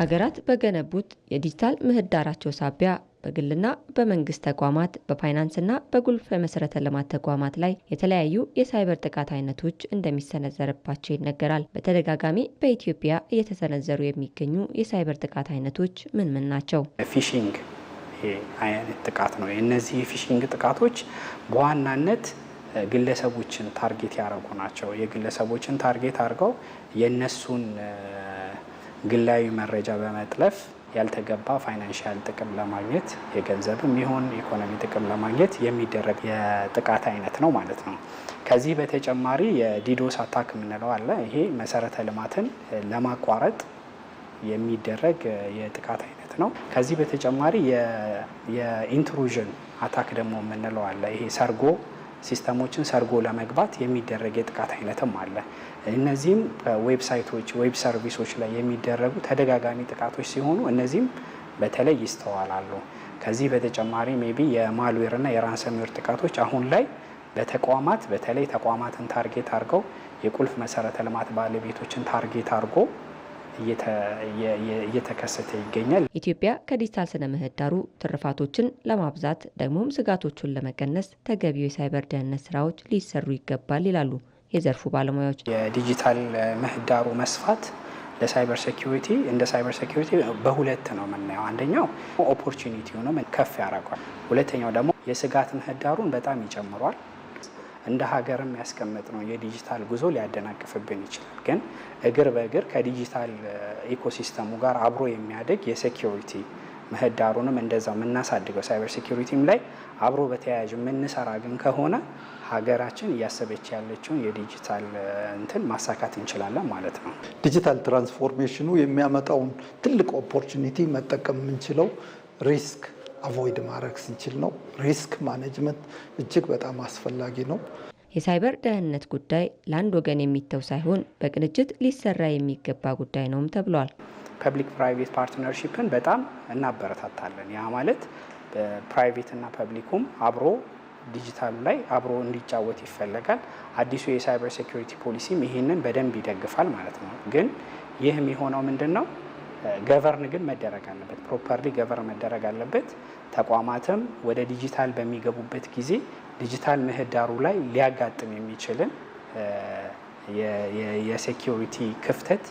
ሀገራት በገነቡት የዲጂታል ምህዳራቸው ሳቢያ በግልና በመንግስት ተቋማት በፋይናንስና በጉልፍ የመሰረተ ልማት ተቋማት ላይ የተለያዩ የሳይበር ጥቃት አይነቶች እንደሚሰነዘርባቸው ይነገራል። በተደጋጋሚ በኢትዮጵያ እየተሰነዘሩ የሚገኙ የሳይበር ጥቃት አይነቶች ምን ምን ናቸው? ፊሽንግ አይነት ጥቃት ነው። እነዚህ የፊሽንግ ጥቃቶች በዋናነት ግለሰቦችን ታርጌት ያደረጉ ናቸው። የግለሰቦችን ታርጌት አድርገው የእነሱን ግላዊ መረጃ በመጥለፍ ያልተገባ ፋይናንሻል ጥቅም ለማግኘት የገንዘብም ይሁን ኢኮኖሚ ጥቅም ለማግኘት የሚደረግ የጥቃት አይነት ነው ማለት ነው። ከዚህ በተጨማሪ የዲዶስ አታክ የምንለው አለ። ይሄ መሰረተ ልማትን ለማቋረጥ የሚደረግ የጥቃት አይነት ነው። ከዚህ በተጨማሪ የኢንትሩዥን አታክ ደግሞ የምንለው አለ። ይሄ ሰርጎ ሲስተሞችን ሰርጎ ለመግባት የሚደረግ የጥቃት አይነትም አለ። እነዚህም በዌብሳይቶች፣ ዌብ ሰርቪሶች ላይ የሚደረጉ ተደጋጋሚ ጥቃቶች ሲሆኑ እነዚህም በተለይ ይስተዋላሉ። ከዚህ በተጨማሪ ሜቢ የማልዌር እና የራንሰምዌር ጥቃቶች አሁን ላይ በተቋማት በተለይ ተቋማትን ታርጌት አድርገው የቁልፍ መሰረተ ልማት ባለቤቶችን ታርጌት አድርጎ እየተከሰተ ይገኛል። ኢትዮጵያ ከዲጂታል ስነ ምህዳሩ ትርፋቶችን ለማብዛት ደግሞም ስጋቶቹን ለመቀነስ ተገቢው የሳይበር ደህንነት ስራዎች ሊሰሩ ይገባል ይላሉ የዘርፉ ባለሙያዎች። የዲጂታል ምህዳሩ መስፋት ለሳይበር ሴኪሪቲ እንደ ሳይበር ሴኪሪቲ በሁለት ነው የምናየው። አንደኛው ኦፖርቹኒቲ ሆኖ ከፍ ያደርገዋል። ሁለተኛው ደግሞ የስጋት ምህዳሩን በጣም ይጨምሯል። እንደ ሀገርም ነው የዲጂታል ጉዞ ሊያደናቅፍብን ይችላል። ግን እግር በእግር ከዲጂታል ኢኮሲስተሙ ጋር አብሮ የሚያደግ የሴኪሪቲ ምህዳሩንም እንደዛው የምናሳድገው ሳይበር ሴኪሪቲም ላይ አብሮ በተያያዥ የምንሰራ ግን ከሆነ ሀገራችን እያሰበች ያለችውን የዲጂታል እንትን ማሳካት እንችላለን ማለት ነው። ዲጂታል ትራንስፎርሜሽኑ የሚያመጣውን ትልቅ ኦፖርቹኒቲ መጠቀም የምንችለው ሪስክ አቮይድ ማድረግ ስንችል ነው። ሪስክ ማኔጅመንት እጅግ በጣም አስፈላጊ ነው። የሳይበር ደህንነት ጉዳይ ለአንድ ወገን የሚተው ሳይሆን በቅንጅት ሊሰራ የሚገባ ጉዳይ ነውም ተብሏል። ፐብሊክ ፕራይቬት ፓርትነርሽፕን በጣም እናበረታታለን። ያ ማለት በፕራይቬት እና ፐብሊኩም አብሮ ዲጂታሉ ላይ አብሮ እንዲጫወት ይፈለጋል። አዲሱ የሳይበር ሴኩሪቲ ፖሊሲም ይህንን በደንብ ይደግፋል ማለት ነው። ግን ይህ የሚሆነው ምንድን ነው? ገቨርን ግን መደረግ አለበት፣ ፕሮፐርሊ ገቨር መደረግ አለበት። ተቋማትም ወደ ዲጂታል በሚገቡበት ጊዜ ዲጂታል ምህዳሩ ላይ ሊያጋጥም የሚችልን የሴኪሪቲ ክፍተት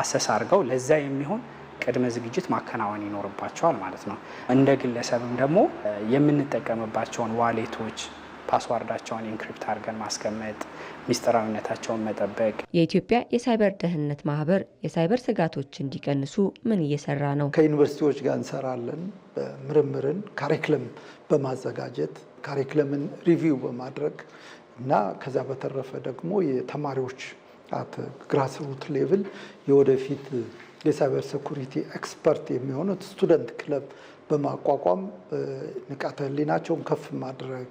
አሰስ አድርገው ለዛ የሚሆን ቅድመ ዝግጅት ማከናወን ይኖርባቸዋል ማለት ነው። እንደ ግለሰብም ደግሞ የምንጠቀምባቸውን ዋሌቶች ፓስዋርዳቸውን ኢንክሪፕት አድርገን ማስቀመጥ፣ ሚስጥራዊነታቸውን መጠበቅ። የኢትዮጵያ የሳይበር ደህንነት ማህበር የሳይበር ስጋቶች እንዲቀንሱ ምን እየሰራ ነው? ከዩኒቨርሲቲዎች ጋር እንሰራለን። ምርምርን ካሪክለም በማዘጋጀት ካሪክለምን ሪቪው በማድረግ እና ከዛ በተረፈ ደግሞ የተማሪዎች ግራስሩት ሌቭል የወደፊት የሳይበር ሴኩሪቲ ኤክስፐርት የሚሆኑት ስቱደንት ክለብ በማቋቋም ንቃተ ህሊናቸውን ከፍ ማድረግ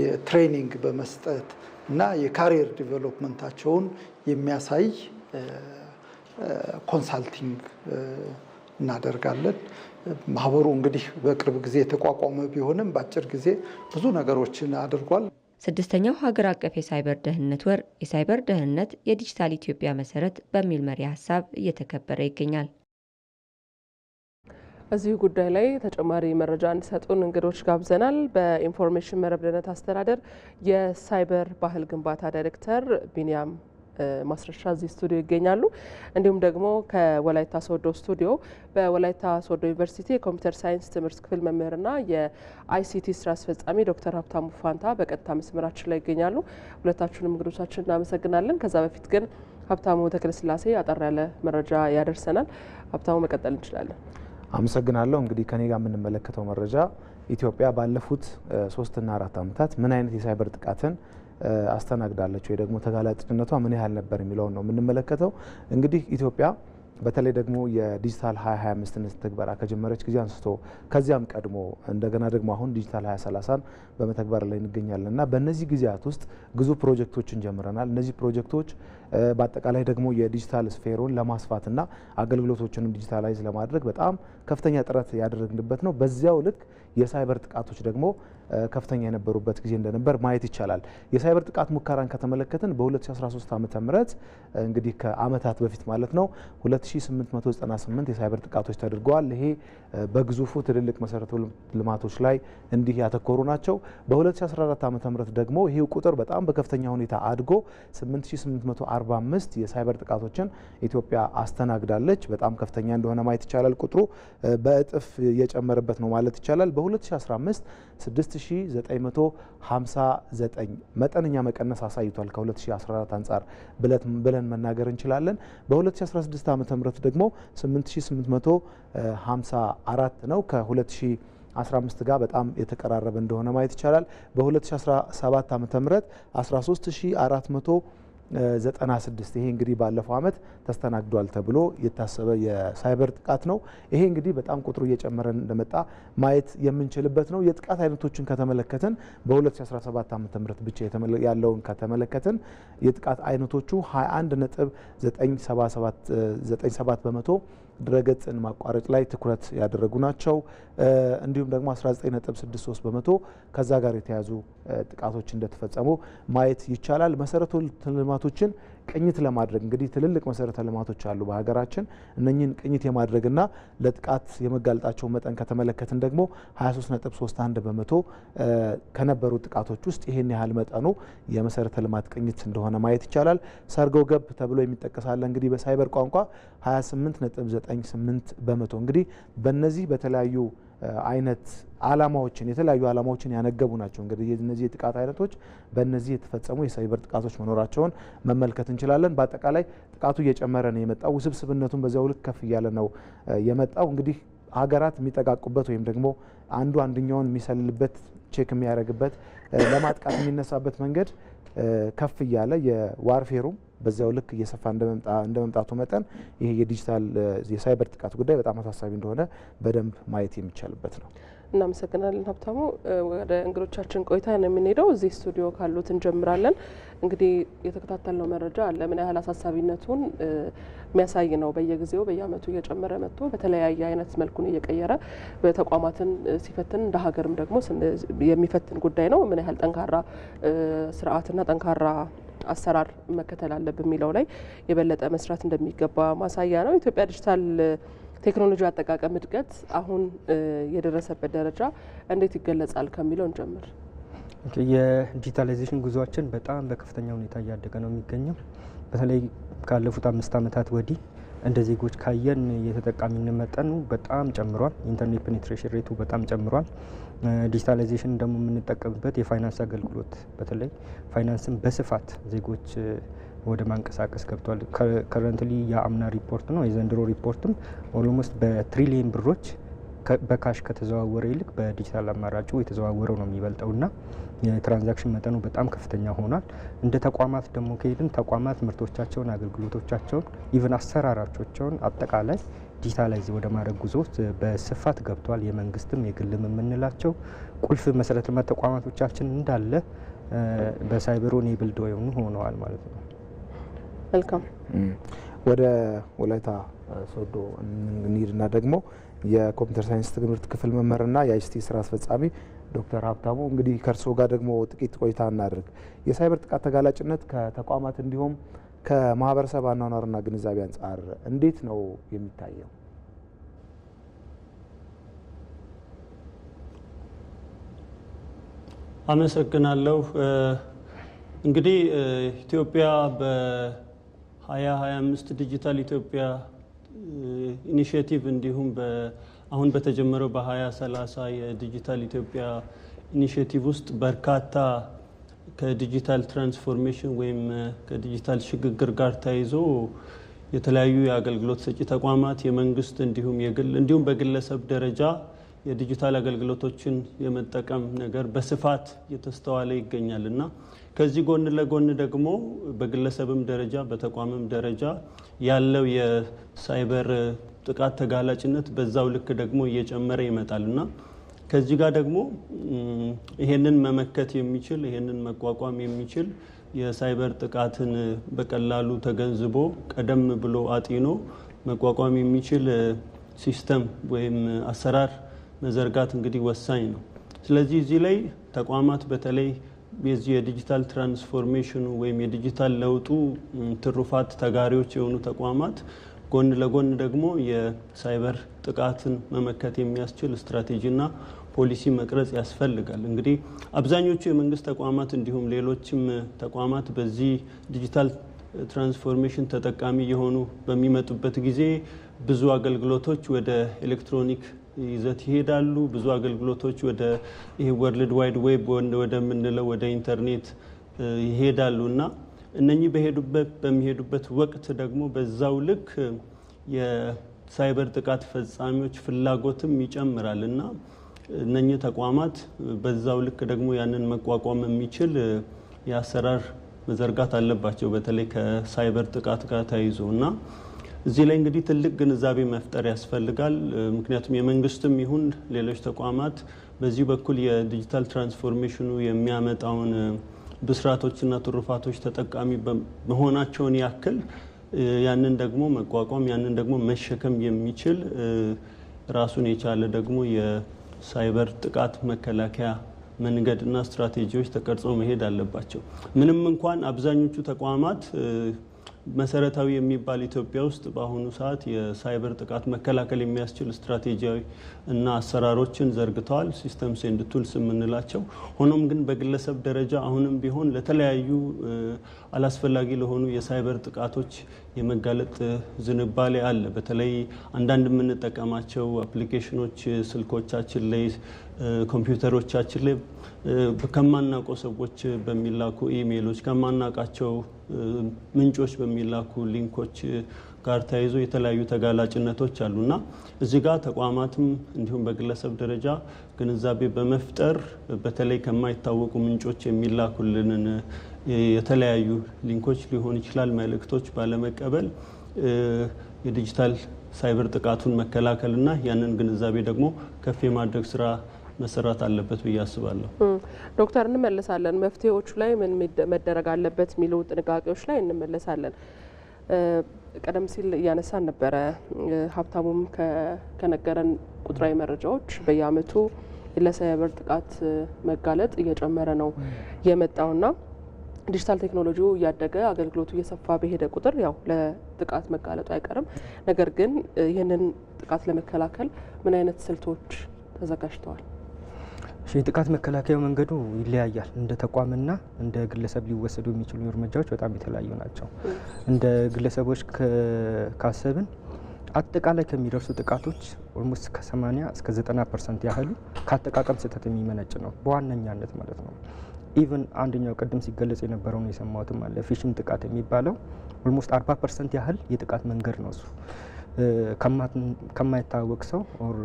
የትሬኒንግ በመስጠት እና የካሪየር ዲቨሎፕመንታቸውን የሚያሳይ ኮንሳልቲንግ እናደርጋለን። ማህበሩ እንግዲህ በቅርብ ጊዜ የተቋቋመ ቢሆንም በአጭር ጊዜ ብዙ ነገሮችን አድርጓል። ስድስተኛው ሀገር አቀፍ የሳይበር ደህንነት ወር የሳይበር ደህንነት የዲጂታል ኢትዮጵያ መሰረት በሚል መሪ ሀሳብ እየተከበረ ይገኛል። እዚህ ጉዳይ ላይ ተጨማሪ መረጃ እንዲሰጡን እንግዶች ጋብዘናል። በኢንፎርሜሽን መረብ ደህንነት አስተዳደር የሳይበር ባህል ግንባታ ዳይሬክተር ቢኒያም ማስረሻ እዚህ ስቱዲዮ ይገኛሉ። እንዲሁም ደግሞ ከወላይታ ሶዶ ስቱዲዮ በወላይታ ሶዶ ዩኒቨርሲቲ የኮምፒውተር ሳይንስ ትምህርት ክፍል መምህርና የአይሲቲ ስራ አስፈጻሚ ዶክተር ሀብታሙ ፋንታ በቀጥታ መስመራችን ላይ ይገኛሉ። ሁለታችሁንም እንግዶቻችን እናመሰግናለን። ከዛ በፊት ግን ሀብታሙ ተክለስላሴ አጠር ያለ መረጃ ያደርሰናል። ሀብታሙ መቀጠል እንችላለን። አመሰግናለሁ። እንግዲህ ከኔ ጋር የምንመለከተው መረጃ ኢትዮጵያ ባለፉት ሶስትና አራት ዓመታት ምን አይነት የሳይበር ጥቃትን አስተናግዳለች ወይ ደግሞ ተጋላጭነቷ ምን ያህል ነበር የሚለውን ነው የምንመለከተው። እንግዲህ ኢትዮጵያ በተለይ ደግሞ የዲጂታል 2025 ትግበራ ከጀመረች ጊዜ አንስቶ ከዚያም ቀድሞ እንደገና ደግሞ አሁን ዲጂታል 2030ን በመተግበር ላይ እንገኛለን እና በእነዚህ ጊዜያት ውስጥ ግዙ ፕሮጀክቶችን ጀምረናል። እነዚህ ፕሮጀክቶች በአጠቃላይ ደግሞ የዲጂታል ስፌሮን ለማስፋትና አገልግሎቶችንም ዲጂታላይዝ ለማድረግ በጣም ከፍተኛ ጥረት ያደረግንበት ነው። በዚያው ልክ የሳይበር ጥቃቶች ደግሞ ከፍተኛ የነበሩበት ጊዜ እንደነበር ማየት ይቻላል። የሳይበር ጥቃት ሙከራን ከተመለከትን በ2013 ዓ ም እንግዲህ ከአመታት በፊት ማለት ነው 2898 የሳይበር ጥቃቶች ተደርገዋል። ይሄ በግዙፉ ትልልቅ መሰረተ ልማቶች ላይ እንዲህ ያተኮሩ ናቸው። በ2014 ዓ ም ደግሞ ይሄ ቁጥር በጣም በከፍተኛ ሁኔታ አድጎ 8845 የሳይበር ጥቃቶችን ኢትዮጵያ አስተናግዳለች። በጣም ከፍተኛ እንደሆነ ማየት ይቻላል። ቁጥሩ በእጥፍ የጨመረበት ነው ማለት ይቻላል። በ2015 6959 መጠነኛ መቀነስ አሳይቷል ከ2014 አንጻር ብለን መናገር እንችላለን። በ2016 ዓ ም ደግሞ 8854 ነው ከ2000 15 ጋር በጣም የተቀራረበ እንደሆነ ማየት ይቻላል። በ2017 ዓ ም 13400 96 ይሄ እንግዲህ ባለፈው ዓመት ተስተናግዷል ተብሎ የታሰበ የሳይበር ጥቃት ነው። ይሄ እንግዲህ በጣም ቁጥሩ እየጨመረ እንደመጣ ማየት የምንችልበት ነው። የጥቃት አይነቶችን ከተመለከትን በ2017 ዓ ም ብቻ ያለውን ከተመለከትን የጥቃት አይነቶቹ 21 ነጥብ 977 በመቶ ድረገጽን ማቋረጥ ላይ ትኩረት ያደረጉ ናቸው። እንዲሁም ደግሞ 19.63 በመቶ ከዛ ጋር የተያዙ ጥቃቶች እንደተፈጸሙ ማየት ይቻላል። መሰረተ ልማቶችን ቅኝት ለማድረግ እንግዲህ ትልልቅ መሰረተ ልማቶች አሉ በሀገራችን። እነኚህን ቅኝት የማድረግና ለጥቃት የመጋለጣቸው መጠን ከተመለከትን ደግሞ 23.31 በመቶ ከነበሩ ጥቃቶች ውስጥ ይህን ያህል መጠኑ የመሰረተ ልማት ቅኝት እንደሆነ ማየት ይቻላል። ሰርጎ ገብ ተብሎ የሚጠቀሳለ እንግዲህ በሳይበር ቋንቋ 28.98 በመቶ እንግዲህ በነዚህ በተለያዩ አይነት አላማዎችን የተለያዩ አላማዎችን ያነገቡ ናቸው። እንግዲህ እነዚህ የጥቃት አይነቶች በእነዚህ የተፈጸሙ የሳይበር ጥቃቶች መኖራቸውን መመልከት እንችላለን። በአጠቃላይ ጥቃቱ እየጨመረ ነው የመጣው፣ ውስብስብነቱን በዚያው ልክ ከፍ እያለ ነው የመጣው። እንግዲህ ሀገራት የሚጠቃቁበት ወይም ደግሞ አንዱ አንደኛውን የሚሰልልበት ቼክ የሚያደርግበት ለማጥቃት የሚነሳበት መንገድ ከፍ እያለ የዋርፌሩም በዚያው ልክ እየሰፋ እንደ መምጣቱ መጠን ይህ የዲጂታል የሳይበር ጥቃት ጉዳይ በጣም አሳሳቢ እንደሆነ በደንብ ማየት የሚቻልበት ነው። እናመሰግናለን ሀብታሙ። ወደ እንግዶቻችን ቆይታ ነው የምንሄደው። እዚህ ስቱዲዮ ካሉት እንጀምራለን። እንግዲህ የተከታተልነው መረጃ አለ ምን ያህል አሳሳቢነቱን የሚያሳይ ነው። በየጊዜው በየአመቱ እየጨመረ መጥቶ በተለያየ አይነት መልኩን እየቀየረ ተቋማትን ሲፈትን እንደ ሀገርም ደግሞ የሚፈትን ጉዳይ ነው። ምን ያህል ጠንካራ ስርዓትና ጠንካራ አሰራር መከተል አለ የሚለው ላይ የበለጠ መስራት እንደሚገባ ማሳያ ነው። ኢትዮጵያ ዲጂታል ቴክኖሎጂ አጠቃቀም እድገት አሁን የደረሰበት ደረጃ እንዴት ይገለጻል ከሚለው እንጀምር። የዲጂታላይዜሽን ጉዟችን በጣም በከፍተኛ ሁኔታ እያደገ ነው የሚገኘው። በተለይ ካለፉት አምስት ዓመታት ወዲህ እንደ ዜጎች ካየን የተጠቃሚነት መጠኑ በጣም ጨምሯል። ኢንተርኔት ፔኔትሬሽን ሬቱ በጣም ጨምሯል። ዲጂታላይዜሽን ደግሞ የምንጠቀምበት የፋይናንስ አገልግሎት በተለይ ፋይናንስን በስፋት ዜጎች ወደ ማንቀሳቀስ ገብቷል። ከረንትሊ የአምና ሪፖርት ነው የዘንድሮ ሪፖርትም ኦልሞስት በትሪሊየን ብሮች በካሽ ከተዘዋወረ ይልቅ በዲጂታል አማራጩ የተዘዋወረው ነው የሚበልጠው ና የትራንዛክሽን መጠኑ በጣም ከፍተኛ ሆኗል። እንደ ተቋማት ደግሞ ከሄድን ተቋማት ምርቶቻቸውን፣ አገልግሎቶቻቸውን ኢቨን አሰራራቾቸውን አጠቃላይ ዲጂታላይዝ ወደ ማድረግ ጉዞ ውስጥ በስፋት ገብቷል። የመንግስትም የግልም የምንላቸው ቁልፍ መሰረተ ልማት ተቋማቶቻችን እንዳለ በሳይበሩ ኔብልድ ወይም ሆነዋል ማለት ነው። መልካም ወደ ወላይታ ሶዶ እንሂድና ደግሞ የኮምፒውተር ሳይንስ ትምህርት ክፍል መምህርና የአይሲቲ ስራ አስፈጻሚ ዶክተር ሀብታሙ እንግዲህ ከእርስዎ ጋር ደግሞ ጥቂት ቆይታ እናደርግ የሳይበር ጥቃት ተጋላጭነት ከተቋማት እንዲሁም ከማህበረሰብ አኗኗርና ግንዛቤ አንጻር እንዴት ነው የሚታየው? አመሰግናለሁ። እንግዲህ ኢትዮጵያ በ2025 ዲጂታል ኢትዮጵያ ኢኒሽቲቭ እንዲሁም አሁን በተጀመረው በ2030 የዲጂታል ኢትዮጵያ ኢኒሽቲቭ ውስጥ በርካታ ከዲጂታል ትራንስፎርሜሽን ወይም ከዲጂታል ሽግግር ጋር ተያይዞ የተለያዩ የአገልግሎት ሰጪ ተቋማት የመንግስት እንዲሁም የግል እንዲሁም በግለሰብ ደረጃ የዲጂታል አገልግሎቶችን የመጠቀም ነገር በስፋት እየተስተዋለ ይገኛል እና ከዚህ ጎን ለጎን ደግሞ በግለሰብም ደረጃ በተቋምም ደረጃ ያለው የሳይበር ጥቃት ተጋላጭነት በዛው ልክ ደግሞ እየጨመረ ይመጣል እና ከዚህ ጋር ደግሞ ይሄንን መመከት የሚችል ይሄንን መቋቋም የሚችል የሳይበር ጥቃትን በቀላሉ ተገንዝቦ ቀደም ብሎ አጢኖ መቋቋም የሚችል ሲስተም ወይም አሰራር መዘርጋት እንግዲህ ወሳኝ ነው። ስለዚህ እዚህ ላይ ተቋማት በተለይ የዚህ የዲጂታል ትራንስፎርሜሽኑ ወይም የዲጂታል ለውጡ ትሩፋት ተጋሪዎች የሆኑ ተቋማት ጎን ለጎን ደግሞ የሳይበር ጥቃትን መመከት የሚያስችል ስትራቴጂና ፖሊሲ መቅረጽ ያስፈልጋል። እንግዲህ አብዛኞቹ የመንግስት ተቋማት እንዲሁም ሌሎችም ተቋማት በዚህ ዲጂታል ትራንስፎርሜሽን ተጠቃሚ የሆኑ በሚመጡበት ጊዜ ብዙ አገልግሎቶች ወደ ኤሌክትሮኒክ ይዘት ይሄዳሉ። ብዙ አገልግሎቶች ወደ ይሄ ወርልድ ዋይድ ዌብ ወደምንለው ወደ ኢንተርኔት ይሄዳሉ እና እነኚህ በሄዱበት በሚሄዱበት ወቅት ደግሞ በዛው ልክ የሳይበር ጥቃት ፈጻሚዎች ፍላጎትም ይጨምራል እና እነኚህ ተቋማት በዛው ልክ ደግሞ ያንን መቋቋም የሚችል የአሰራር መዘርጋት አለባቸው። በተለይ ከሳይበር ጥቃት ጋር ተያይዞ እና እዚህ ላይ እንግዲህ ትልቅ ግንዛቤ መፍጠር ያስፈልጋል። ምክንያቱም የመንግስትም ይሁን ሌሎች ተቋማት በዚህ በኩል የዲጂታል ትራንስፎርሜሽኑ የሚያመጣውን ብስራቶችና ትሩፋቶች ተጠቃሚ መሆናቸውን ያክል ያንን ደግሞ መቋቋም ያንን ደግሞ መሸከም የሚችል ራሱን የቻለ ደግሞ የሳይበር ጥቃት መከላከያ መንገድና ስትራቴጂዎች ተቀርጾ መሄድ አለባቸው። ምንም እንኳን አብዛኞቹ ተቋማት መሰረታዊ የሚባል ኢትዮጵያ ውስጥ በአሁኑ ሰዓት የሳይበር ጥቃት መከላከል የሚያስችል ስትራቴጂያዊ እና አሰራሮችን ዘርግተዋል፣ ሲስተም ሴንድ ቱልስ የምንላቸው። ሆኖም ግን በግለሰብ ደረጃ አሁንም ቢሆን ለተለያዩ አላስፈላጊ ለሆኑ የሳይበር ጥቃቶች የመጋለጥ ዝንባሌ አለ። በተለይ አንዳንድ የምንጠቀማቸው አፕሊኬሽኖች ስልኮቻችን ላይ፣ ኮምፒውተሮቻችን ላይ ከማናውቀው ሰዎች በሚላኩ ኢሜሎች ከማናውቃቸው ምንጮች በሚላኩ ሊንኮች ጋር ተያይዞ የተለያዩ ተጋላጭነቶች አሉ እና እዚህ ጋር ተቋማትም እንዲሁም በግለሰብ ደረጃ ግንዛቤ በመፍጠር በተለይ ከማይታወቁ ምንጮች የሚላኩልንን የተለያዩ ሊንኮች ሊሆን ይችላል መልእክቶች ባለመቀበል የዲጂታል ሳይበር ጥቃቱን መከላከል እና ያንን ግንዛቤ ደግሞ ከፍ የማድረግ ስራ መሰራት አለበት ብዬ አስባለሁ። ዶክተር እንመለሳለን። መፍትሄዎቹ ላይ ምን መደረግ አለበት የሚሉ ጥንቃቄዎች ላይ እንመለሳለን። ቀደም ሲል እያነሳን ነበረ። ሀብታሙም ከነገረን ቁጥራዊ መረጃዎች በየአመቱ ለሳይበር ጥቃት መጋለጥ እየጨመረ ነው የመጣውና ዲጂታል ቴክኖሎጂው እያደገ አገልግሎቱ እየሰፋ በሄደ ቁጥር ያው ለጥቃት መጋለጡ አይቀርም። ነገር ግን ይህንን ጥቃት ለመከላከል ምን አይነት ስልቶች ተዘጋጅተዋል? እሺ፣ የጥቃት መከላከያ መንገዱ ይለያያል። እንደ ተቋምና እንደ ግለሰብ ሊወሰዱ የሚችሉ እርምጃዎች በጣም የተለያዩ ናቸው። እንደ ግለሰቦች ካሰብን አጠቃላይ ከሚደርሱ ጥቃቶች ኦልሞስት ከ80 እስከ 90 ፐርሰንት ያህሉ ከአጠቃቀም ስህተት የሚመነጭ ነው በዋነኛነት ማለት ነው። ኢቨን አንደኛው ቅድም ሲገለጽ የነበረው ነው የሰማሁትም አለ ፊሽንግ ጥቃት የሚባለው ኦልሞስት 40 ፐርሰንት ያህል የጥቃት መንገድ ነው እሱ ከማይታወቅ ሰው ኦር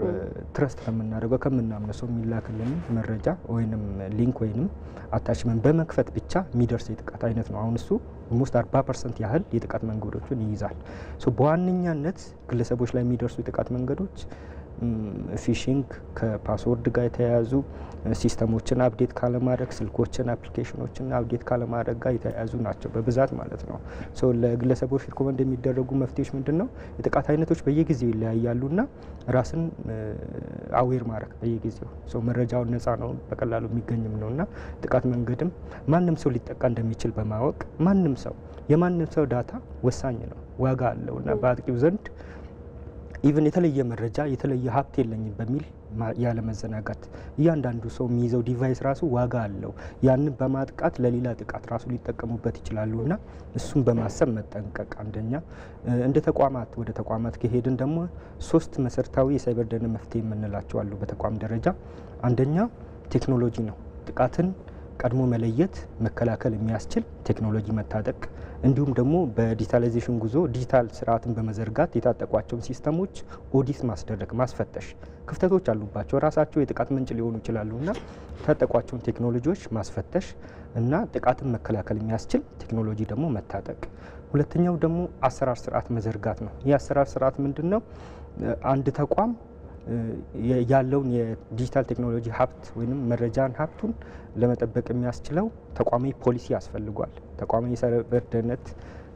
ትረስት ከምናደርገው ከምናምነ ሰው የሚላክልን መረጃ ወይንም ሊንክ ወይንም አታችመን በመክፈት ብቻ የሚደርስ የጥቃት አይነት ነው። አሁን እሱ ኦልሞስት 40 ፐርሰንት ያህል የጥቃት መንገዶችን ይይዛል። በዋነኛነት ግለሰቦች ላይ የሚደርሱ የጥቃት መንገዶች ፊሽንግ፣ ከፓስወርድ ጋር የተያያዙ ሲስተሞችን አፕዴት ካለማድረግ፣ ስልኮችን፣ አፕሊኬሽኖችን አብዴት ካለማድረግ ጋር የተያያዙ ናቸው በብዛት ማለት ነው። ለግለሰቦች ሪኮመንድ የሚደረጉ መፍትሄዎች ምንድን ነው? የጥቃት አይነቶች በየጊዜው ይለያያሉ እና ራስን አዌር ማድረግ በየጊዜው መረጃውን ነፃ ነው በቀላሉ የሚገኝም ነው እና ጥቃት መንገድም ማንም ሰው ሊጠቃ እንደሚችል በማወቅ ማንም ሰው የማንም ሰው ዳታ ወሳኝ ነው ዋጋ አለው እና በአጥቂው ዘንድ ኢቨን የተለየ መረጃ የተለየ ሀብት የለኝም በሚል ያለመዘናጋት እያንዳንዱ ሰው የሚይዘው ዲቫይስ ራሱ ዋጋ አለው። ያንን በማጥቃት ለሌላ ጥቃት ራሱ ሊጠቀሙበት ይችላሉ እና እሱን በማሰብ መጠንቀቅ አንደኛ። እንደ ተቋማት ወደ ተቋማት ከሄድን ደግሞ ሶስት መሰረታዊ የሳይበር ደህንነት መፍትሄ የምንላቸው አሉ በተቋም ደረጃ። አንደኛ ቴክኖሎጂ ነው። ጥቃትን ቀድሞ መለየት መከላከል የሚያስችል ቴክኖሎጂ መታጠቅ እንዲሁም ደግሞ በዲጂታላይዜሽን ጉዞ ዲጂታል ስርዓትን በመዘርጋት የታጠቋቸውን ሲስተሞች ኦዲት ማስደረግ ማስፈተሽ፣ ክፍተቶች አሉባቸው ራሳቸው የጥቃት ምንጭ ሊሆኑ ይችላሉ እና የታጠቋቸውን ቴክኖሎጂዎች ማስፈተሽ እና ጥቃትን መከላከል የሚያስችል ቴክኖሎጂ ደግሞ መታጠቅ። ሁለተኛው ደግሞ አሰራር ስርዓት መዘርጋት ነው። ይህ አሰራር ስርዓት ምንድን ነው? አንድ ተቋም ያለውን የዲጂታል ቴክኖሎጂ ሀብት ወይም መረጃን ሀብቱን ለመጠበቅ የሚያስችለው ተቋሚ ፖሊሲ ያስፈልጓል። ተቋሚ የሳይበር ደህንነት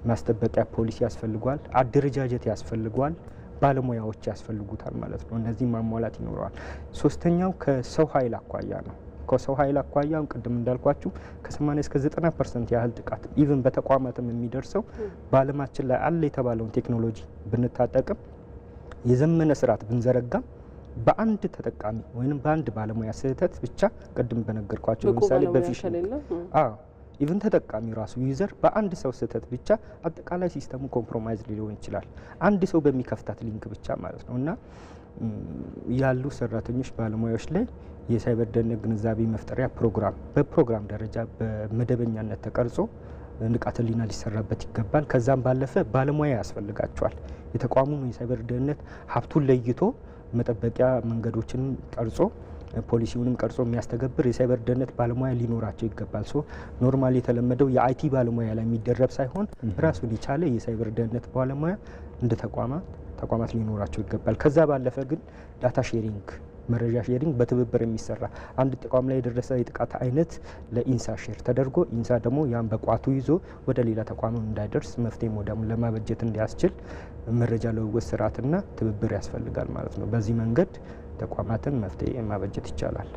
ማስጠበቂያ ፖሊሲ ያስፈልጓል። አደረጃጀት ያስፈልጓል። ባለሙያዎች ያስፈልጉታል ማለት ነው። እነዚህ ማሟላት ይኖረዋል። ሶስተኛው ከሰው ኃይል አኳያ ነው። ከሰው ኃይል አኳያ ቅድም እንዳልኳችሁ ከ80 እስከ 90 ፐርሰንት ያህል ጥቃት ኢቨን በተቋማትም የሚደርሰው በዓለማችን ላይ አለ የተባለውን ቴክኖሎጂ ብንታጠቅም የዘመነ ስርዓት ብንዘረጋም በአንድ ተጠቃሚ ወይም በአንድ ባለሙያ ስህተት ብቻ ቅድም በነገርኳቸው ለምሳሌ በፊሽንግ ኢቭን ተጠቃሚ ራሱ ዩዘር በአንድ ሰው ስህተት ብቻ አጠቃላይ ሲስተሙ ኮምፕሮማይዝ ሊሆን ይችላል። አንድ ሰው በሚከፍታት ሊንክ ብቻ ማለት ነው እና ያሉ ሰራተኞች ባለሙያዎች ላይ የሳይበር ደህንነት ግንዛቤ መፍጠሪያ ፕሮግራም በፕሮግራም ደረጃ በመደበኛነት ተቀርጾ ንቃተ ህሊና ሊሰራበት ይገባል። ከዛም ባለፈ ባለሙያ ያስፈልጋቸዋል። የተቋሙን የሳይበር ደህንነት ሀብቱን ለይቶ መጠበቂያ መንገዶችን ቀርጾ ፖሊሲውንም ቀርጾ የሚያስተገብር የሳይበር ደህንነት ባለሙያ ሊኖራቸው ይገባል። ሶ ኖርማል የተለመደው የአይቲ ባለሙያ ላይ የሚደረብ ሳይሆን ራሱን የቻለ የሳይበር ደህንነት ባለሙያ እንደ ተቋማት ተቋማት ሊኖራቸው ይገባል። ከዛ ባለፈ ግን ዳታ ሼሪንግ መረጃ ሼሪንግ በትብብር የሚሰራ አንድ ተቋም ላይ የደረሰ የጥቃት አይነት ለኢንሳ ሼር ተደርጎ ኢንሳ ደግሞ ያን በቋቱ ይዞ ወደ ሌላ ተቋም እንዳይደርስ መፍትሄ ወደሙ ለማበጀት እንዲያስችል መረጃ ልውውጥ ስርዓትና ትብብር ያስፈልጋል ማለት ነው። በዚህ መንገድ ተቋማትን መፍትሄ ማበጀት ይቻላል።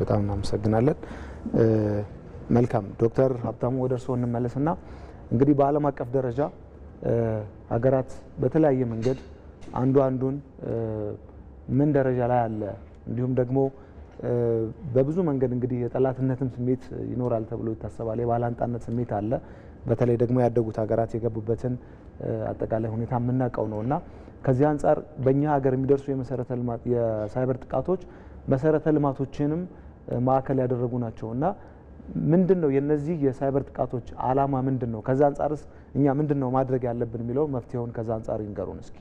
በጣም እናመሰግናለን። መልካም ዶክተር ሀብታሙ ወደ እርስዎ እንመለስና እንግዲህ በዓለም አቀፍ ደረጃ ሀገራት በተለያየ መንገድ አንዱ አንዱን ምን ደረጃ ላይ አለ፣ እንዲሁም ደግሞ በብዙ መንገድ እንግዲህ የጠላትነትም ስሜት ይኖራል ተብሎ ይታሰባል። የባላንጣነት ስሜት አለ። በተለይ ደግሞ ያደጉት ሀገራት የገቡበትን አጠቃላይ ሁኔታ የምናውቀው ነው እና ከዚህ አንጻር በእኛ ሀገር የሚደርሱ የመሰረተ ልማት የሳይበር ጥቃቶች መሰረተ ልማቶችንም ማዕከል ያደረጉ ናቸው እና ምንድን ነው የነዚህ የሳይበር ጥቃቶች አላማ ምንድን ነው? ከዚ አንጻርስ እኛ ምንድን ነው ማድረግ ያለብን የሚለው መፍትሄውን ከዛ አንጻር ይንገሩን እስኪ።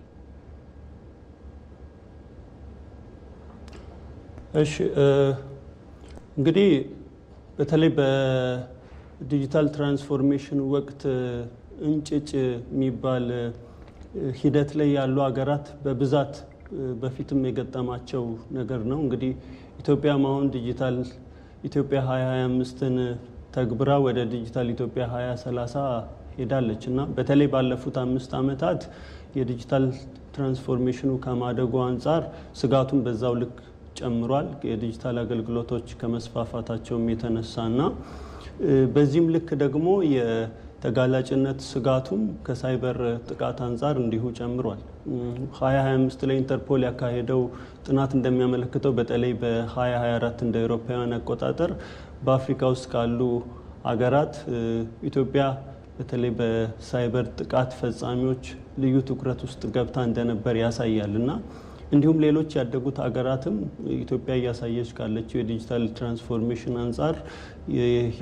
እሺ እንግዲህ በተለይ በዲጂታል ትራንስፎርሜሽን ወቅት እንጭጭ የሚባል ሂደት ላይ ያሉ ሀገራት በብዛት በፊትም የገጠማቸው ነገር ነው። እንግዲህ ኢትዮጵያም አሁን ዲጂታል ኢትዮጵያ 2025ን ተግብራ ወደ ዲጂታል ኢትዮጵያ 2030 ሄዳለች እና በተለይ ባለፉት አምስት ዓመታት የዲጂታል ትራንስፎርሜሽኑ ከማደጉ አንጻር ስጋቱን በዛው ልክ ጨምሯል። የዲጂታል አገልግሎቶች ከመስፋፋታቸውም የተነሳ እና በዚህም ልክ ደግሞ የተጋላጭነት ስጋቱም ከሳይበር ጥቃት አንጻር እንዲሁ ጨምሯል። 2025 ላይ ኢንተርፖል ያካሄደው ጥናት እንደሚያመለክተው በተለይ በ2024 እንደ አውሮፓውያን አቆጣጠር በአፍሪካ ውስጥ ካሉ አገራት ኢትዮጵያ በተለይ በሳይበር ጥቃት ፈጻሚዎች ልዩ ትኩረት ውስጥ ገብታ እንደነበር ያሳያል እና እንዲሁም ሌሎች ያደጉት ሀገራትም ኢትዮጵያ እያሳየች ካለችው የዲጂታል ትራንስፎርሜሽን አንጻር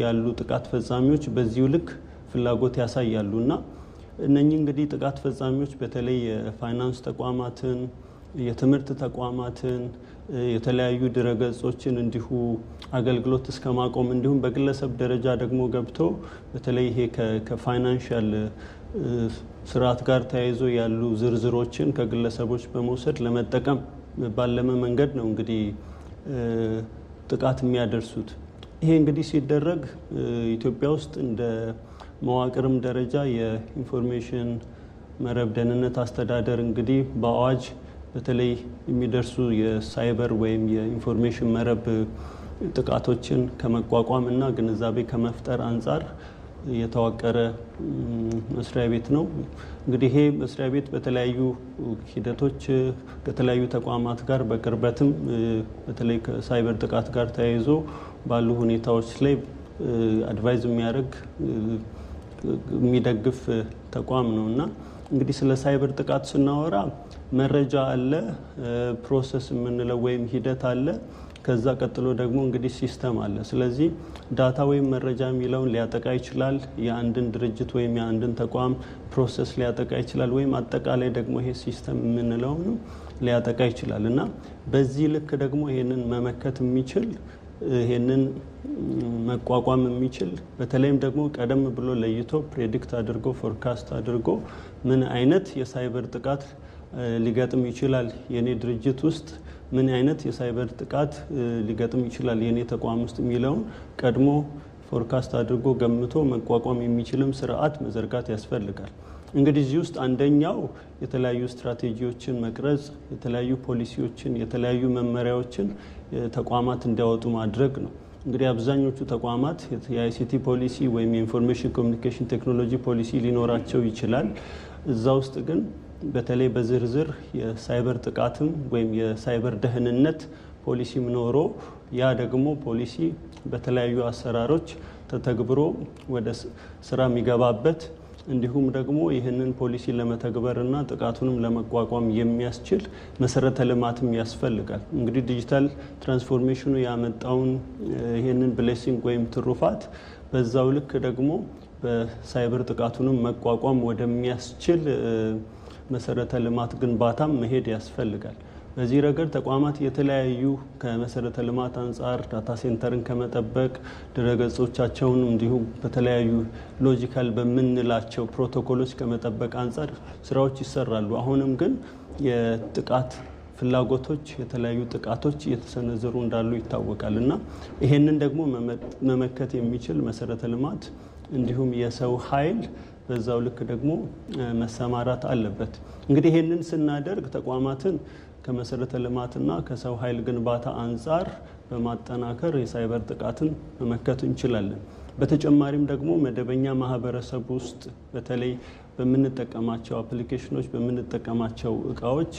ያሉ ጥቃት ፈጻሚዎች በዚሁ ልክ ፍላጎት ያሳያሉ እና እነኚህ እንግዲህ ጥቃት ፈጻሚዎች በተለይ የፋይናንስ ተቋማትን፣ የትምህርት ተቋማትን፣ የተለያዩ ድረገጾችን እንዲሁ አገልግሎት እስከ ማቆም እንዲሁም በግለሰብ ደረጃ ደግሞ ገብቶ በተለይ ይሄ ከፋይናንሽል ስርዓት ጋር ተያይዞ ያሉ ዝርዝሮችን ከግለሰቦች በመውሰድ ለመጠቀም ባለመ መንገድ ነው እንግዲህ ጥቃት የሚያደርሱት። ይሄ እንግዲህ ሲደረግ ኢትዮጵያ ውስጥ እንደ መዋቅርም ደረጃ የኢንፎርሜሽን መረብ ደህንነት አስተዳደር እንግዲህ በአዋጅ በተለይ የሚደርሱ የሳይበር ወይም የኢንፎርሜሽን መረብ ጥቃቶችን ከመቋቋም እና ግንዛቤ ከመፍጠር አንጻር የተዋቀረ መስሪያ ቤት ነው። እንግዲህ ይሄ መስሪያ ቤት በተለያዩ ሂደቶች ከተለያዩ ተቋማት ጋር በቅርበትም በተለይ ከሳይበር ጥቃት ጋር ተያይዞ ባሉ ሁኔታዎች ላይ አድቫይዝ የሚያደርግ የሚደግፍ ተቋም ነው እና እንግዲህ ስለ ሳይበር ጥቃት ስናወራ መረጃ አለ፣ ፕሮሰስ የምንለው ወይም ሂደት አለ ከዛ ቀጥሎ ደግሞ እንግዲህ ሲስተም አለ። ስለዚህ ዳታ ወይም መረጃ የሚለውን ሊያጠቃ ይችላል። የአንድን ድርጅት ወይም የአንድን ተቋም ፕሮሰስ ሊያጠቃ ይችላል። ወይም አጠቃላይ ደግሞ ይሄ ሲስተም የምንለውንም ሊያጠቃ ይችላል እና በዚህ ልክ ደግሞ ይሄንን መመከት የሚችል ይሄንን መቋቋም የሚችል በተለይም ደግሞ ቀደም ብሎ ለይቶ ፕሬዲክት አድርጎ ፎርካስት አድርጎ ምን አይነት የሳይበር ጥቃት ሊገጥም ይችላል የእኔ ድርጅት ውስጥ ምን አይነት የሳይበር ጥቃት ሊገጥም ይችላል የኔ ተቋም ውስጥ የሚለውን ቀድሞ ፎርካስት አድርጎ ገምቶ መቋቋም የሚችልም ስርዓት መዘርጋት ያስፈልጋል። እንግዲህ እዚህ ውስጥ አንደኛው የተለያዩ ስትራቴጂዎችን መቅረጽ፣ የተለያዩ ፖሊሲዎችን፣ የተለያዩ መመሪያዎችን ተቋማት እንዲያወጡ ማድረግ ነው። እንግዲህ አብዛኞቹ ተቋማት የአይሲቲ ፖሊሲ ወይም የኢንፎርሜሽን ኮሚኒኬሽን ቴክኖሎጂ ፖሊሲ ሊኖራቸው ይችላል። እዛ ውስጥ ግን በተለይ በዝርዝር የሳይበር ጥቃትም ወይም የሳይበር ደህንነት ፖሊሲም ኖሮ ያ ደግሞ ፖሊሲ በተለያዩ አሰራሮች ተተግብሮ ወደ ስራ የሚገባበት እንዲሁም ደግሞ ይህንን ፖሊሲ ለመተግበርና ጥቃቱንም ለመቋቋም የሚያስችል መሰረተ ልማትም ያስፈልጋል። እንግዲህ ዲጂታል ትራንስፎርሜሽኑ ያመጣውን ይህንን ብሌሲንግ ወይም ትሩፋት በዛው ልክ ደግሞ በሳይበር ጥቃቱንም መቋቋም ወደሚያስችል መሰረተ ልማት ግንባታም መሄድ ያስፈልጋል። በዚህ ረገድ ተቋማት የተለያዩ ከመሰረተ ልማት አንጻር ዳታ ሴንተርን ከመጠበቅ ድረገጾቻቸውን እንዲሁም በተለያዩ ሎጂካል በምንላቸው ፕሮቶኮሎች ከመጠበቅ አንጻር ስራዎች ይሰራሉ። አሁንም ግን የጥቃት ፍላጎቶች የተለያዩ ጥቃቶች እየተሰነዘሩ እንዳሉ ይታወቃል እና ይሄንን ደግሞ መመከት የሚችል መሰረተ ልማት እንዲሁም የሰው ኃይል በዛው ልክ ደግሞ መሰማራት አለበት። እንግዲህ ይህንን ስናደርግ ተቋማትን ከመሰረተ ልማትና ከሰው ኃይል ግንባታ አንጻር በማጠናከር የሳይበር ጥቃትን መመከት እንችላለን። በተጨማሪም ደግሞ መደበኛ ማህበረሰብ ውስጥ በተለይ በምንጠቀማቸው አፕሊኬሽኖች፣ በምንጠቀማቸው እቃዎች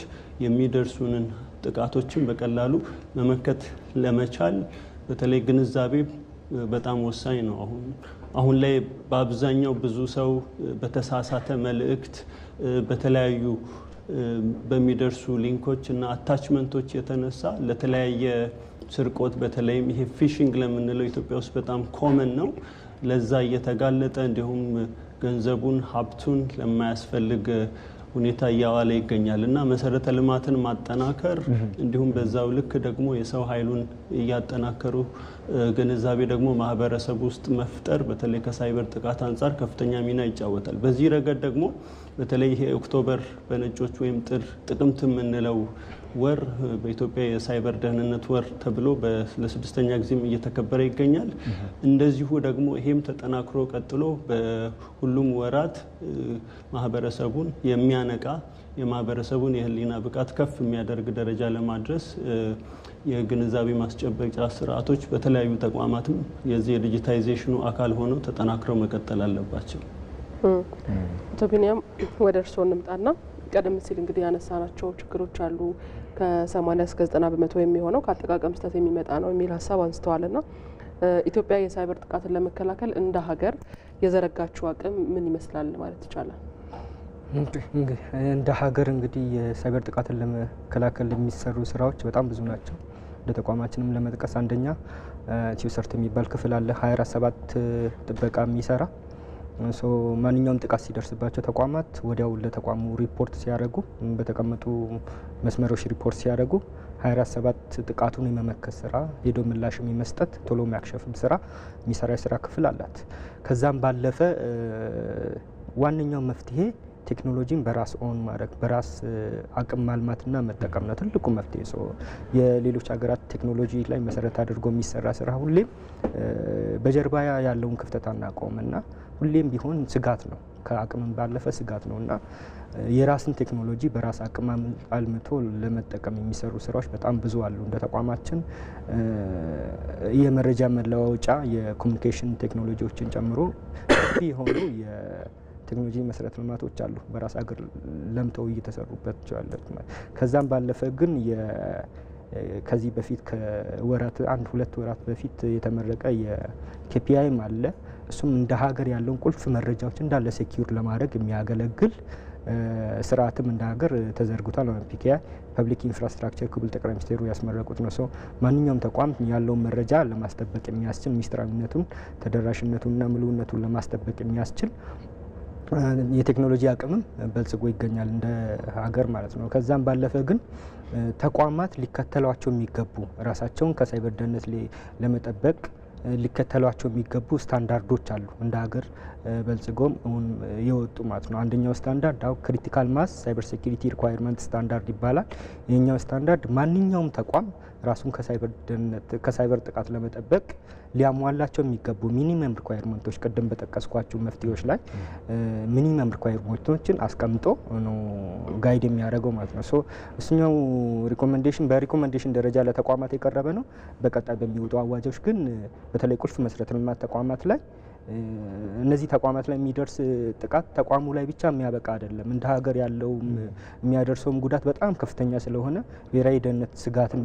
የሚደርሱንን ጥቃቶችን በቀላሉ መመከት ለመቻል በተለይ ግንዛቤ በጣም ወሳኝ ነው አሁን አሁን ላይ በአብዛኛው ብዙ ሰው በተሳሳተ መልእክት በተለያዩ በሚደርሱ ሊንኮች እና አታችመንቶች የተነሳ ለተለያየ ስርቆት በተለይም ይሄ ፊሽንግ ለምንለው ኢትዮጵያ ውስጥ በጣም ኮመን ነው። ለዛ እየተጋለጠ እንዲሁም ገንዘቡን ሀብቱን ለማያስፈልግ ሁኔታ እያዋለ ይገኛል እና መሰረተ ልማትን ማጠናከር እንዲሁም በዛው ልክ ደግሞ የሰው ኃይሉን እያጠናከሩ ግንዛቤ ደግሞ ማህበረሰብ ውስጥ መፍጠር በተለይ ከሳይበር ጥቃት አንጻር ከፍተኛ ሚና ይጫወታል። በዚህ ረገድ ደግሞ በተለይ ይሄ ኦክቶበር በነጮች ወይም ጥር ጥቅምት የምንለው ወር በኢትዮጵያ የሳይበር ደህንነት ወር ተብሎ ለስድስተኛ ጊዜም እየተከበረ ይገኛል። እንደዚሁ ደግሞ ይሄም ተጠናክሮ ቀጥሎ በሁሉም ወራት ማህበረሰቡን የሚያነቃ የማህበረሰቡን የህሊና ብቃት ከፍ የሚያደርግ ደረጃ ለማድረስ የግንዛቤ ማስጨበቂያ ስርዓቶች በተለያዩ ተቋማትም የዚህ የዲጂታይዜሽኑ አካል ሆነው ተጠናክረው መቀጠል አለባቸው። አቶ ወደ እርስዎ እንምጣና ቀደም ሲል እንግዲህ ያነሳናቸው ችግሮች አሉ ከሰማኒያ እስከ ዘጠና በመቶ የሚሆነው ከአጠቃቀም ስህተት የሚመጣ ነው የሚል ሀሳብ ና ኢትዮጵያ የሳይበር ጥቃትን ለመከላከል እንደ ሀገር የዘረጋችው አቅም ምን ይመስላል ማለት ይቻላል? እንደ ሀገር እንግዲህ የሳይበር ጥቃትን ለመከላከል የሚሰሩ ስራዎች በጣም ብዙ ናቸው። እንደ ተቋማችንም ለመጥቀስ አንደኛ ሲውሰርት የሚባል ክፍል አለ 24 ሰባት ጥበቃ የሚሰራ ማንኛውም ጥቃት ሲደርስባቸው ተቋማት ወዲያው ለተቋሙ ሪፖርት ሲያደርጉ በተቀመጡ መስመሮች ሪፖርት ሲያደርጉ 247 ጥቃቱን የመመከት ስራ ሄዶ ምላሽ የመስጠት ቶሎ ያክሸፍም ስራ የሚሰራ የስራ ክፍል አላት። ከዛም ባለፈ ዋነኛው መፍትሄ ቴክኖሎጂን በራስ ኦን ማድረግ በራስ አቅም ማልማትና መጠቀም ነው ትልቁ መፍትሄ። የሌሎች ሀገራት ቴክኖሎጂ ላይ መሰረት አድርጎ የሚሰራ ስራ ሁሌም በጀርባ ያለውን ክፍተት አናውቀውም እና ሁሌም ቢሆን ስጋት ነው ከአቅምን ባለፈ ስጋት ነው እና የራስን ቴክኖሎጂ በራስ አቅም አልምቶ ለመጠቀም የሚሰሩ ስራዎች በጣም ብዙ አሉ። እንደ ተቋማችን የመረጃ መለዋወጫ የኮሚኒኬሽን ቴክኖሎጂዎችን ጨምሮ የሆኑ ቴክኖሎጂ መሰረተ ልማቶች አሉ በራስ አገር ለምተው እየተሰሩበት ችላለት ከዛም ባለፈ ግን ከዚህ በፊት ከወራት አንድ ሁለት ወራት በፊት የተመረቀ የኬፒአይም አለ። እሱም እንደ ሀገር ያለውን ቁልፍ መረጃዎች እንዳለ ሴኪር ለማድረግ የሚያገለግል ስርዓትም እንደ ሀገር ተዘርግቷል። ፒኪያ ፐብሊክ ኢንፍራስትራክቸር ክቡል ጠቅላይ ሚኒስቴሩ ያስመረቁት ነው። ሰው ማንኛውም ተቋም ያለውን መረጃ ለማስጠበቅ የሚያስችል ሚስጥራዊነቱን፣ ተደራሽነቱንና ምልውነቱን ለማስጠበቅ የሚያስችል የቴክኖሎጂ አቅምም በልጽጎ ይገኛል እንደ ሀገር ማለት ነው። ከዛም ባለፈ ግን ተቋማት ሊከተሏቸው የሚገቡ ራሳቸውን ከሳይበር ደህንነት ለመጠበቅ ሊከተሏቸው የሚገቡ ስታንዳርዶች አሉ እንደ ሀገር በልጽጎም እውን የወጡ ማለት ነው። አንደኛው ስታንዳርድ አሁ ክሪቲካል ማስ ሳይበር ሴኩሪቲ ሪኳይርመንት ስታንዳርድ ይባላል። የኛው ስታንዳርድ ማንኛውም ተቋም ራሱን ከሳይበር ጥቃት ለመጠበቅ ሊያሟላቸው የሚገቡ ሚኒመም ሪኳየርመንቶች ቅድም በጠቀስኳቸው መፍትሄዎች ላይ ሚኒመም ሪኳየርመንቶችን አስቀምጦ ነው ጋይድ የሚያደርገው ማለት ነው። ሶ እሱኛው ሪኮሜንዴሽን በሪኮሜንዴሽን ደረጃ ለተቋማት የቀረበ ነው። በቀጣይ በሚወጡ አዋጆች ግን በተለይ ቁልፍ መሰረተ ልማት ተቋማት ላይ እነዚህ ተቋማት ላይ የሚደርስ ጥቃት ተቋሙ ላይ ብቻ የሚያበቃ አይደለም። እንደ ሀገር ያለውም የሚያደርሰውም ጉዳት በጣም ከፍተኛ ስለሆነ ብሔራዊ ደህንነት ስጋትም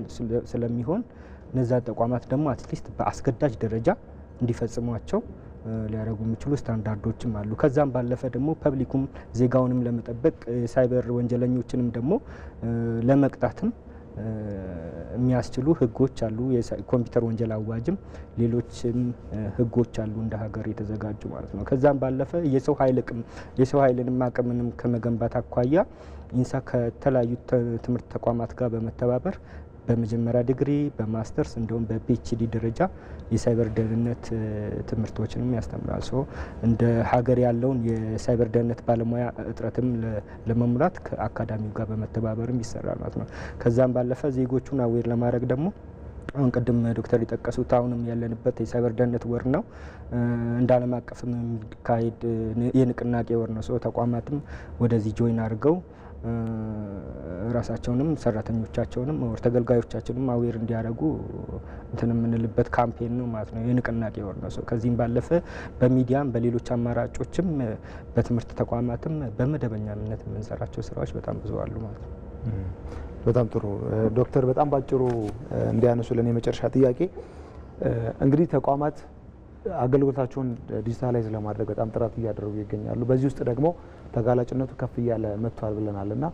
ስለሚሆን እነዛ ተቋማት ደግሞ አትሊስት በአስገዳጅ ደረጃ እንዲፈጽሟቸው ሊያደርጉ የሚችሉ ስታንዳርዶችም አሉ። ከዛም ባለፈ ደግሞ ፐብሊኩም ዜጋውንም ለመጠበቅ ሳይበር ወንጀለኞችንም ደግሞ ለመቅጣትም የሚያስችሉ ህጎች አሉ። የኮምፒውተር ወንጀል አዋጅም ሌሎችም ህጎች አሉ እንደ ሀገር የተዘጋጁ ማለት ነው። ከዛም ባለፈ የሰው ኃይል የሰው ኃይልንም አቅምንም ከመገንባት አኳያ ኢንሳ ከተለያዩ ትምህርት ተቋማት ጋር በመተባበር በመጀመሪያ ዲግሪ በማስተርስ እንዲሁም በፒኤችዲ ደረጃ የሳይበር ደህንነት ትምህርቶችንም ያስተምራል። ሶ እንደ ሀገር ያለውን የሳይበር ደህንነት ባለሙያ እጥረትም ለመሙላት ከአካዳሚው ጋር በመተባበርም ይሰራል ማለት ነው። ከዛም ባለፈ ዜጎቹን አዌር ለማድረግ ደግሞ አሁን ቅድም ዶክተር የጠቀሱት አሁንም ያለንበት የሳይበር ደህንነት ወር ነው። እንደ ዓለም አቀፍም የሚካሄድ የንቅናቄ ወር ነው። ተቋማትም ወደዚህ ጆይን አድርገው ራሳቸውንም ሰራተኞቻቸውንም ወር ተገልጋዮቻቸውንም አዌር እንዲያደርጉ እንትን የምንልበት ካምፔን ነው ማለት ነው። የንቅናቄ ወር ነው። ከዚህም ባለፈ በሚዲያም በሌሎች አማራጮችም በትምህርት ተቋማትም በመደበኛነት የምንሰራቸው ስራዎች በጣም ብዙ አሉ ማለት ነው። በጣም ጥሩ ዶክተር፣ በጣም ባጭሩ እንዲያነሱልን የመጨረሻ ጥያቄ እንግዲህ ተቋማት አገልግሎታቸውን ዲጂታላይዝ ለማድረግ በጣም ጥራት እያደረጉ ይገኛሉ። በዚህ ውስጥ ደግሞ ተጋላጭነቱ ከፍ እያለ መጥቷል ብለናል እና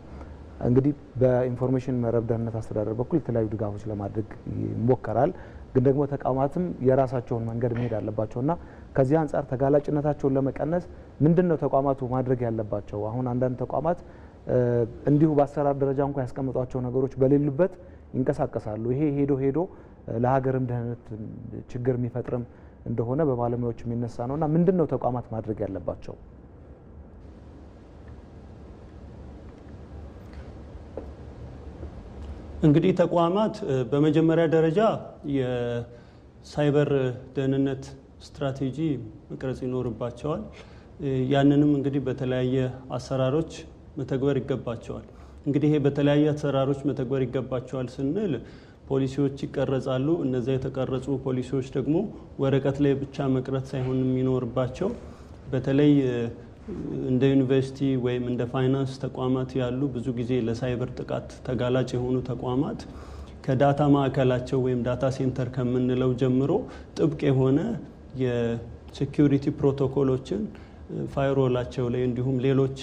እንግዲህ በኢንፎርሜሽን መረብ ደህንነት አስተዳደር በኩል የተለያዩ ድጋፎች ለማድረግ ይሞከራል። ግን ደግሞ ተቋማትም የራሳቸውን መንገድ መሄድ አለባቸው እና ከዚህ አንጻር ተጋላጭነታቸውን ለመቀነስ ምንድን ነው ተቋማቱ ማድረግ ያለባቸው? አሁን አንዳንድ ተቋማት እንዲሁ በአሰራር ደረጃ እንኳ ያስቀምጧቸው ነገሮች በሌሉበት ይንቀሳቀሳሉ። ይሄ ሄዶ ሄዶ ለሀገርም ደህንነት ችግር የሚፈጥርም እንደሆነ በባለሙያዎች የሚነሳ ነውና ምንድን ነው ተቋማት ማድረግ ያለባቸው? እንግዲህ ተቋማት በመጀመሪያ ደረጃ የሳይበር ደህንነት ስትራቴጂ መቅረጽ ይኖርባቸዋል። ያንንም እንግዲህ በተለያየ አሰራሮች መተግበር ይገባቸዋል። እንግዲህ ይሄ በተለያየ አሰራሮች መተግበር ይገባቸዋል ስንል ፖሊሲዎች ይቀረጻሉ። እነዚያ የተቀረጹ ፖሊሲዎች ደግሞ ወረቀት ላይ ብቻ መቅረት ሳይሆን የሚኖርባቸው በተለይ እንደ ዩኒቨርሲቲ ወይም እንደ ፋይናንስ ተቋማት ያሉ ብዙ ጊዜ ለሳይበር ጥቃት ተጋላጭ የሆኑ ተቋማት ከዳታ ማዕከላቸው ወይም ዳታ ሴንተር ከምንለው ጀምሮ ጥብቅ የሆነ የሴኪሪቲ ፕሮቶኮሎችን ፋይሮላቸው ላይ እንዲሁም ሌሎች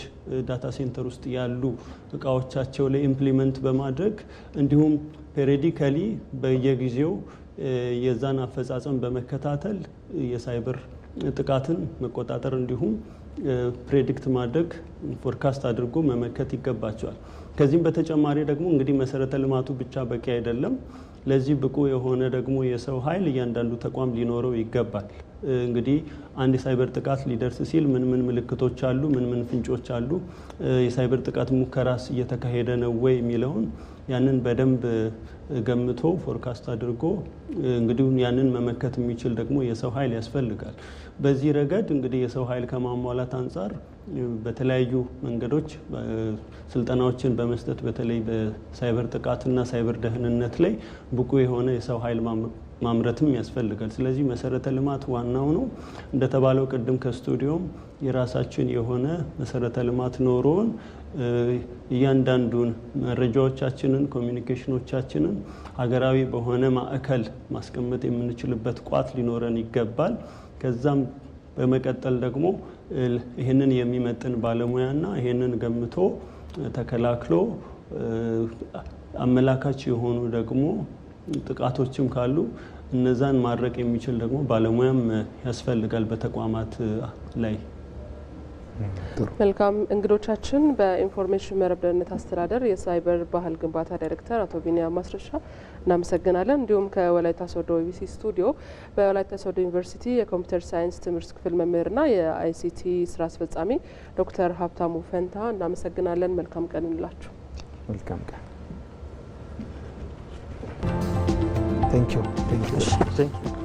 ዳታ ሴንተር ውስጥ ያሉ እቃዎቻቸው ላይ ኢምፕሊመንት በማድረግ እንዲሁም ፔሬዲካሊ በየጊዜው የዛን አፈጻጸም በመከታተል የሳይበር ጥቃትን መቆጣጠር እንዲሁም ፕሬዲክት ማድረግ ፎርካስት አድርጎ መመከት ይገባቸዋል። ከዚህም በተጨማሪ ደግሞ እንግዲህ መሰረተ ልማቱ ብቻ በቂ አይደለም። ለዚህ ብቁ የሆነ ደግሞ የሰው ኃይል እያንዳንዱ ተቋም ሊኖረው ይገባል። እንግዲህ አንድ የሳይበር ጥቃት ሊደርስ ሲል ምን ምን ምልክቶች አሉ፣ ምን ምን ፍንጮች አሉ፣ የሳይበር ጥቃት ሙከራስ እየተካሄደ ነው ወይ የሚለውን ያንን በደንብ ገምቶ ፎርካስት አድርጎ እንግዲሁ ያንን መመከት የሚችል ደግሞ የሰው ኃይል ያስፈልጋል። በዚህ ረገድ እንግዲህ የሰው ኃይል ከማሟላት አንጻር በተለያዩ መንገዶች ስልጠናዎችን በመስጠት በተለይ በሳይበር ጥቃትና ሳይበር ደህንነት ላይ ብቁ የሆነ የሰው ኃይል ማምረትም ያስፈልጋል። ስለዚህ መሰረተ ልማት ዋናው ነው። እንደተባለው ቅድም ከስቱዲዮም የራሳችን የሆነ መሰረተ ልማት ኖሮን እያንዳንዱን መረጃዎቻችንን፣ ኮሚኒኬሽኖቻችንን ሀገራዊ በሆነ ማዕከል ማስቀመጥ የምንችልበት ቋት ሊኖረን ይገባል። ከዛም በመቀጠል ደግሞ ይህንን የሚመጥን ባለሙያና ይህንን ገምቶ ተከላክሎ አመላካች የሆኑ ደግሞ ጥቃቶችም ካሉ እነዛን ማድረቅ የሚችል ደግሞ ባለሙያም ያስፈልጋል በተቋማት ላይ መልካም እንግዶቻችን በኢንፎርሜሽን መረብ ደህንነት አስተዳደር የሳይበር ባህል ግንባታ ዳይሬክተር አቶ ቢኒያም ማስረሻ እናመሰግናለን። እንዲሁም ከወላይታ ሶዶ ቢሲ ስቱዲዮ በወላይታ ሶዶ ዩኒቨርሲቲ የኮምፒውተር ሳይንስ ትምህርት ክፍል መምህርና የአይሲቲ ስራ አስፈጻሚ ዶክተር ሀብታሙ ፈንታ እናመሰግናለን። መልካም ቀን እንላችሁ። መልካም ቀን። ቴንክ ዩ